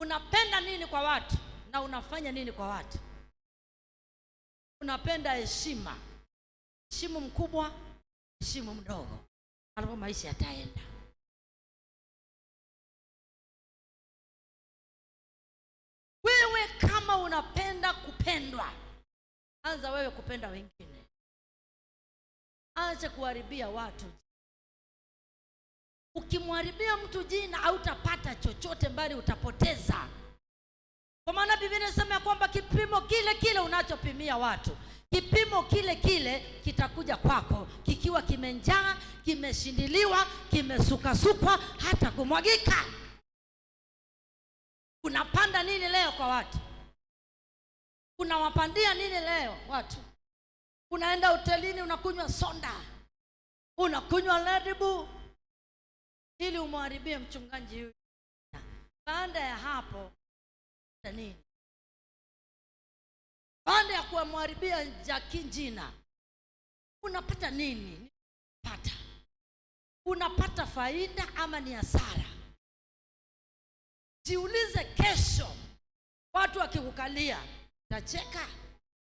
Unapenda nini kwa watu na unafanya nini kwa watu? Unapenda heshima, heshimu mkubwa, heshimu mdogo, alafu maisha yataenda. Wewe kama unapenda kupendwa, anza wewe kupenda wengine, acha kuharibia watu. Ukimharibia mtu jina hautapata chochote, mbali utapoteza. Kwa maana Biblia inasema ya kwamba kipimo kile kile unachopimia watu, kipimo kile kile kitakuja kwako, kikiwa kimenjaa, kimeshindiliwa, kimesukasukwa, hata kumwagika. Unapanda nini leo kwa watu? Unawapandia nini leo watu? Unaenda hotelini unakunywa soda, unakunywa Red Bull ili umharibie mchungaji huyu. Baada ya hapo nini? Baada ya kuwamwharibia jaki jina, unapata nini? Pata unapata faida ama ni hasara? Jiulize, kesho watu wakikukalia utacheka?